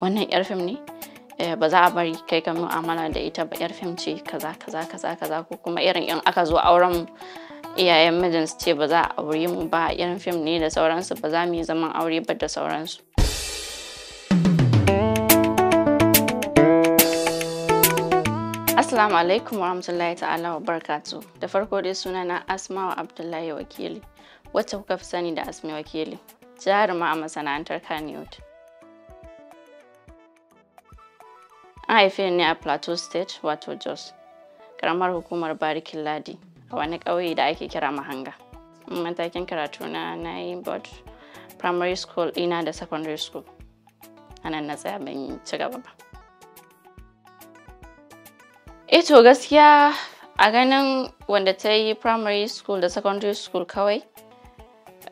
wannan yar fim ne eh, ba za a bari kai ka mu'amala da ita ba yar fim ce kaza kaza kaza kaza ko kuma irin in aka zo auren iyayen mijin su ce ba za a aure mu ba 'yar fim ne da sauransu ba za mu yi zaman aure ba da sauransu Assalamu alaikum warahmatullahi ta'ala wa barkatu da farko dai suna na Asmawa Abdullahi Wakili wacce kuka fi sani da Asmi Wakili jarima a masana'antar Kannywood. a haife ni a plateau state wato jos karamar hukumar barikin ladi a wani ƙauye da ake kira mahanga matakin karatu na na yi board primary school ina da secondary school anan na tsaya ban ci gaba ba ito eh gaskiya a ganin wanda ta yi primary school da secondary school kawai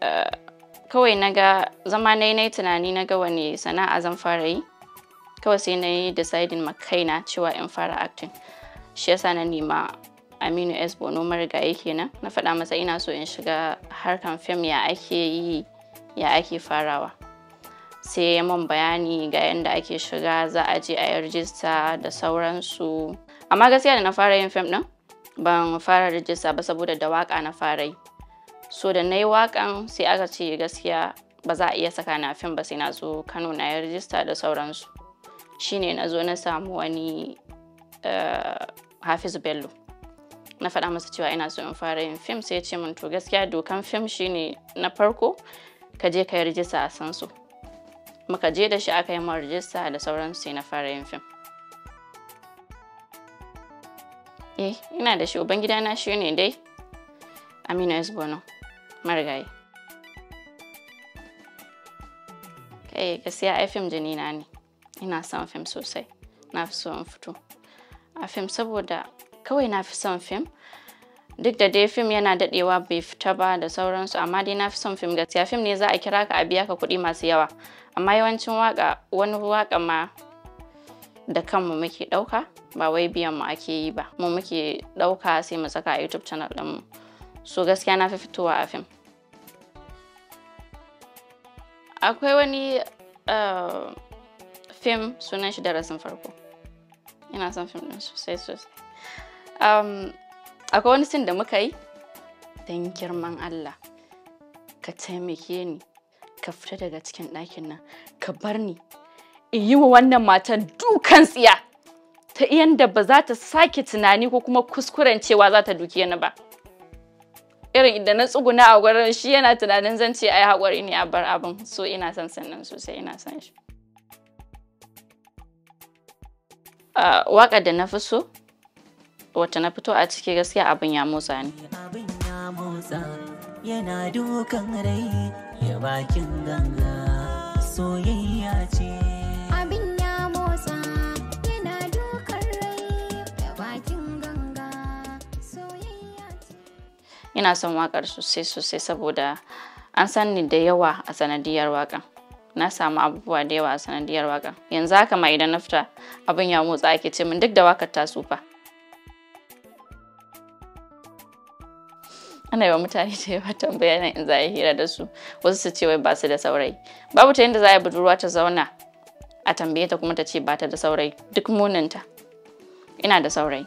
eh, kawai na ga zama na yi tunani na ga wani sana'a zan fara yi kawai sai na yi deciding ma kaina cewa in fara acting shi yasa na nema aminu s bono marigayi kenan na faɗa masa ina so in shiga harkan fim ya ake yi ya ake farawa sai ya man bayani ga yadda ake shiga za a je a yi rijista da sauransu amma gaskiya da na fara yin fim ɗin ban fara rijista ba saboda da waka na fara yi so da na yi wakan sai aka ce gaskiya ba za a iya saka na fim ba sai na zo kano na yi rijista da sauransu shine na zo na samu wani eh, hafizu bello na faɗa masa cewa ina so in fara yin fim sai ya ce min to gaskiya dokan fim shine na farko ka je ka yi rijista a san su muka je da shi aka yi min rijista da sauran sai na fara yin fim eh ina da shi ubangida na shi ne dai amina s bono marigayi kai eh, gaskiya fim jini ne ina son fim sosai na fi son fito a fim saboda kawai na fi son fim duk da dai fim yana dadewa bai fita ba da sauransu amma dai na fi son fim gaskiya fim ne za a kira ka a biya ka kuɗi masu yawa amma yawancin waka wani waka ma da kanmu muke ɗauka ba wai biyan mu ake yi ba mu muke ɗauka sai mu saka a youtube channel mu so gaskiya na fi fitowa a fim akwai wani eh, fim sunan shi darasin farko ina son fim din sosai sosai um, akwai wani sin da muka yi don girman Allah ka taimake ni ka fita daga cikin ɗakin nan ka bar ni in yi wa wannan matan dukan tsiya ta yadda ba za ta sake tunani ko kuma kuskuren cewa za ta duke ni ba irin idan na tsuguna a gurin shi yana tunanin zan ce ai haƙuri ne a bar abin so ina son sannan sosai ina son shi Ah, waƙar da na fi so wata na fito a ciki gaskiya abin ya motsa ni yana ina son waƙar sosai sosai saboda an san ni da yawa a sanadiyar waƙar na samu abubuwa da yawa a sanadiyar waka yanzu haka ma idan na fita abin ya motsa ake ce min duk da wakar ta tsufa ana yi wa mutane da yawa tambaya na in za a hira da su wasu su ce wai ba su da saurayi babu ta yadda za a budurwa ta zauna a tambaye ta kuma ta ce ba ta da saurayi duk muninta ina da saurayi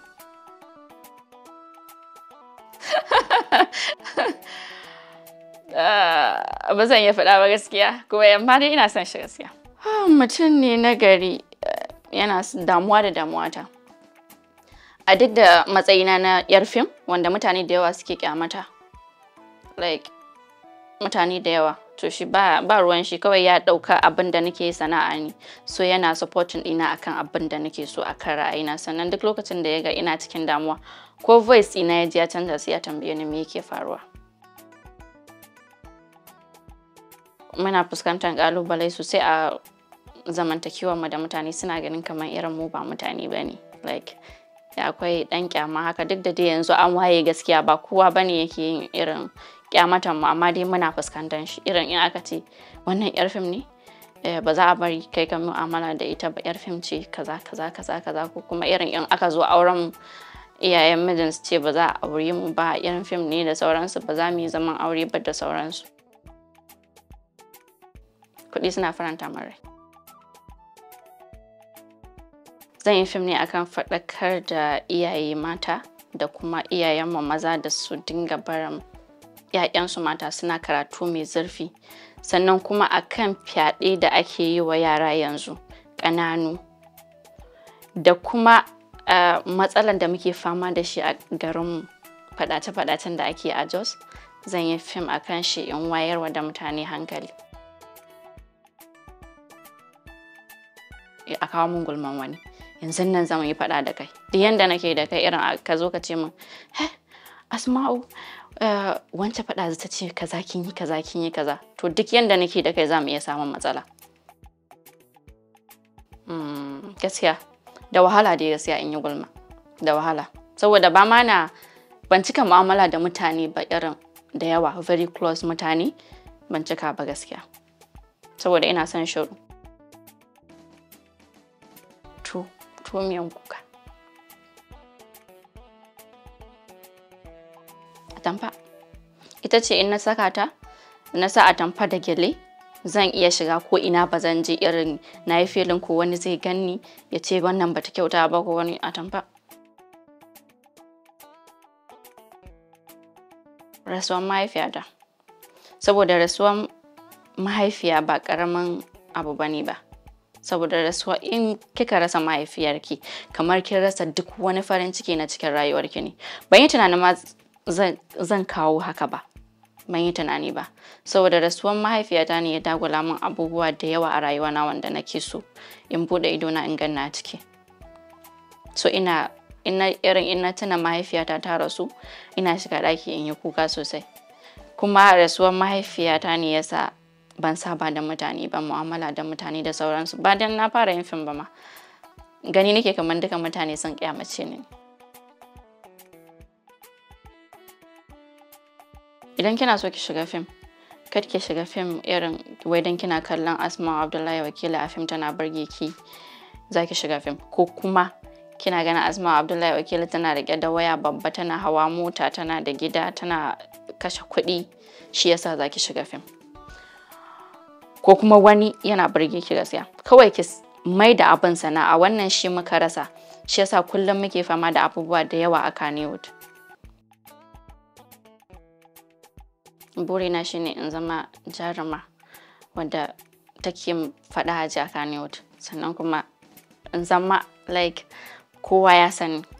ba zan iya faɗa ba gaskiya kuma yamma dai ina son shi gaskiya ah, mutum ne na gari eh, yana damuwa da damuwa ta a duk da matsayina na yar fim wanda mutane da yawa suke kyamata like mutane da yawa to shi ba, ruwan shi kawai ya ɗauka abin da nake sana'a ne so yana supporting ɗina akan abin da nake so a kan ra'ayina sannan duk lokacin da ya ga ina cikin damuwa ko voice ina ya ji ya canza sai ya tambaye ni me yake faruwa muna fuskantar kalubale sosai a zamantakewar mu da mutane suna ganin kamar irin mu ba mutane ba ne like akwai dan kyama haka duk da dai yanzu an waye gaskiya ba kowa bane yake yin irin kyamatan mu amma dai muna fuskantar shi irin in aka ce wannan yar fim ne eh, ba za a bari kai ka mu'amala da ita ba yar fim ce kaza kaza kaza kaza ko kuma irin in aka zo auren iyayen mijin su ce ba za a aure mu ba irin fim ne da sauransu ba za mu yi zaman aure ba da sauransu kuɗi suna faranta min rai zan yi fim ne akan faɗakar da iyaye mata da kuma mu maza da su dinga barin 'ya'yansu mata suna karatu mai zurfi sannan kuma akan fyaɗe da ake yi wa yara yanzu ƙananu da kuma uh, matsalan da muke fama da shi a garinmu faɗace-faɗacen da ake a jos zan yi fim akan shi in wayarwa da mutane hankali Eh, a kawo mun gulman wani yanzu nan zama yi faɗa da kai duk yanda nake da kai irin ka zo ka ce min he asma'u eh, wancan faɗa ta ce kaza kin yi kaza kin yi kaza to duk yanda nake da kai za mu iya samun matsala hmm, gaskiya da wahala da gaskiya in yi gulma da wahala saboda ba ma na ban cika mu'amala da mutane ba irin da yawa very close mutane ban cika ba gaskiya saboda ina son shiru tuwo miyan kuka atamfa ita ce in na saka ta na sa atamfa da gyale zan iya shiga ko ina ba zan je irin na yi filin ko wani zai ganni ya ce wannan ba ta kyauta ba ko wani atamfa rasuwan mahaifiya da saboda rasuwan mahaifiya ba ƙaramin abu bane ba saboda rasuwa in kika rasa mahaifiyarki kamar kin rasa duk wani farin ciki na cikin rayuwarki ne ban yi tunanin ma zan kawo haka ba ban yi tunani ba saboda rasuwar mahaifiyata ne ya dagula min abubuwa da yawa a rayuwa na wanda nake so in bude idona in ganna ciki so ina ina irin ina tuna mahaifiyata ta rasu ina shiga ɗaki in yi kuka sosai kuma rasuwar mahaifiyata ne yasa ban saba da mutane ba mu'amala da mutane da sauransu ba dan na fara yin fim ba ma gani nake kamar duka mutane sun kyamace ni idan kina so ki shiga fim kar ki shiga fim irin wai dan kina kallon asma abdullahi wakila a fim tana burge ki za ki shiga fim ko kuma kina ganin asma abdullahi wakila tana rike da waya babba tana hawa mota tana da gida tana kashe kuɗi shi yasa za ki shiga fim ko kuma wani yana burge ki gaskiya kawai ki mai da abin sana'a wannan shi muka rasa shi yasa kullum muke fama da abubuwa da yawa a Kannywood burina shine in zama jaruma wanda take faɗa a Kannywood sannan kuma in zama like kowa ya sani